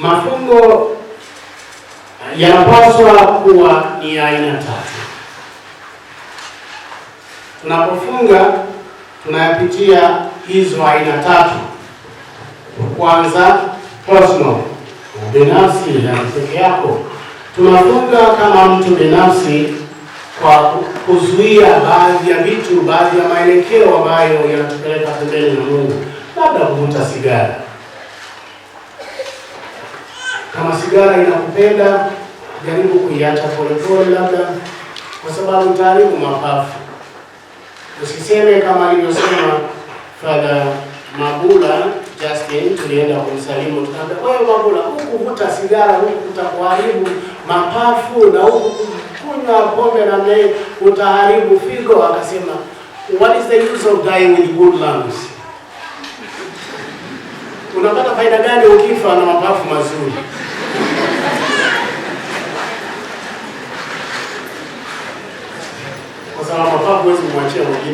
mafungo yanapaswa kuwa ni aina tatu. Tunapofunga tunayapitia hizo aina tatu. Kwanza, personal, binafsi na peke yako. Tunafunga kama mtu binafsi kwa kuzuia baadhi ya vitu, baadhi ya maelekeo ambayo yanatupeleka pembeni na Mungu, labda kuvuta sigara kama sigara inakupenda, jaribu kuiacha polepole, labda kwa sababu taaribu mapafu. Usiseme kama alivyosema Father Mabula Justin, tulienda kumsalimu tukaambia, wewe Mabula, huku vuta sigara huku utakuharibu mapafu na huku kunywa pombe na mle utaharibu figo. Akasema, what is the use of dying with good lungs? Unapata faida gani ukifa na mapafu mazuri?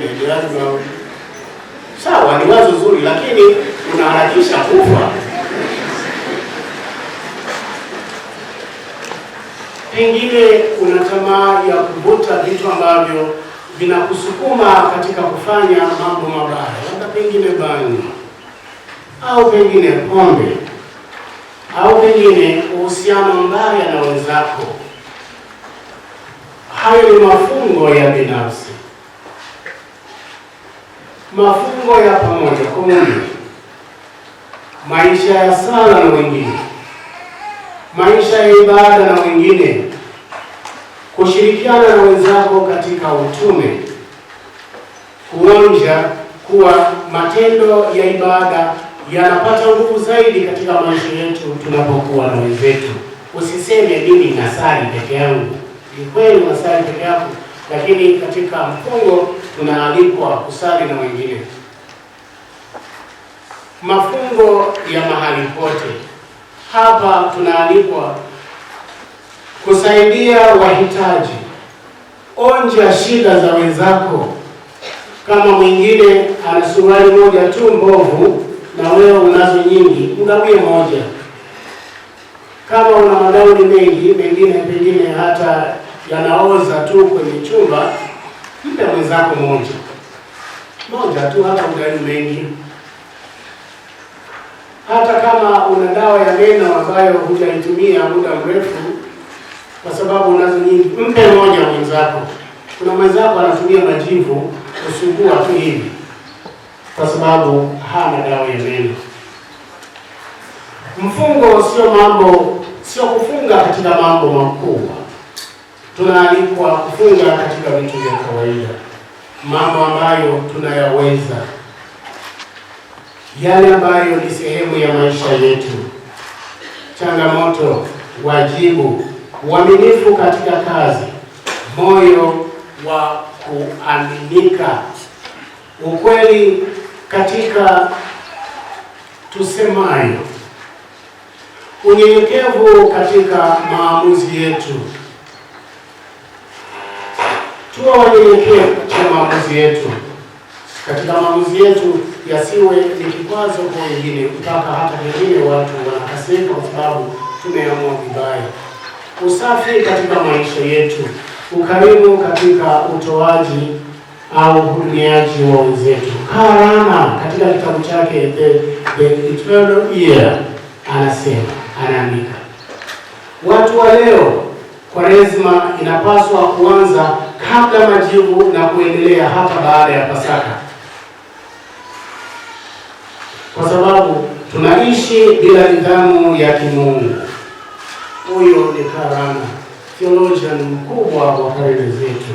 wengine lazima sawa, ni wazo zuri, lakini unaharakisha kufa. Pengine kuna tamaa ya kuvuta vitu ambavyo vinakusukuma katika kufanya mambo mabaya, labda pengine bani, au pengine pombe au pengine uhusiano mbaya na wenzako. Hayo ni mafungo ya binafsi mafungo ya pamoja komuni, maisha ya sala na wengine, maisha ya ibada na wengine, kushirikiana na wenzako katika utume, kuonja kuwa matendo ya ibada yanapata nguvu zaidi katika maisha yetu tunapokuwa na wenzetu. Usiseme dini nasali peke yangu. Ni kweli nasali peke yako lakini katika mfungo tunaalikwa kusali na wengine. Mafungo ya mahali pote, hapa tunaalikwa kusaidia wahitaji, onja shida za wenzako. Kama mwingine ana suruali moja tu mbovu na wewe unazo nyingi, ugawie moja. Kama una madauni mengi, mengine pengine hata yanaoza tu kwenye chumba, mpe mwenzako moja moja tu, hata ugali mengi. Hata kama una dawa ya meno ambayo hujaitumia muda mrefu, kwa sababu unazo nyingi, mpe moja mwenzako. Kuna mwenzako anatumia majivu kusugua tu hivi, kwa sababu hana dawa ya meno. Mfungo sio mambo, sio kufunga katika mambo makubwa tunaalikwa kufunga katika vitu vya kawaida, mambo ambayo tunayaweza, yale ambayo ni sehemu ya maisha yetu, changamoto, wajibu, uaminifu katika kazi, moyo wa kuaminika, ukweli katika tusemayo, unyenyekevu katika maamuzi yetu tuwe wanyenyekevu katika maamuzi yetu, katika maamuzi yetu yasiwe ni kikwazo kwa wengine, mpaka hata wengine watu wanakasirika kwa sababu tumeamua vibaya. Usafi katika maisha yetu, ukarimu katika utoaji au uhudumiaji wa wenzetu. Karama katika kitabu chake The Eternal Year anasema, anaandika watu wa leo, Kwaresma inapaswa kuanza kabla majivu na kuendelea hata baada ya Pasaka, kwa sababu tunaishi bila nidhamu ya kimungu. Huyo ni karana theologian mkubwa wa karne zetu.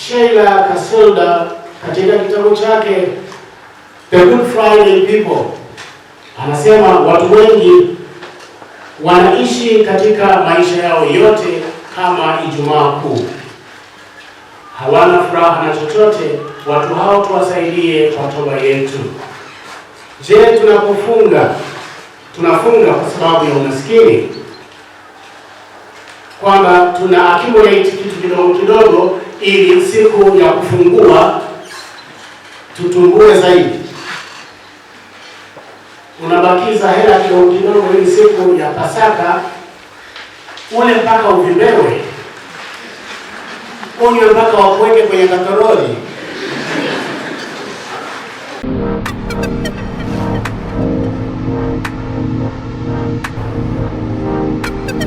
Sheila Kasilda katika kitabu chake The Good Friday People anasema watu wengi wanaishi katika maisha yao yote kama Ijumaa Kuu. Hawana furaha na chochote. Watu hao tuwasaidie kwa toba yetu. Je, tunapofunga tunafunga kwa sababu ya umaskini, kwamba tuna accumulate kitu kidogo kidogo ili siku ya kufungua tutungue zaidi? Unabakiza hela kidogo kidogo ili siku ya Pasaka ule mpaka uvibewe, unywe mpaka wakuweke kwenye katoroli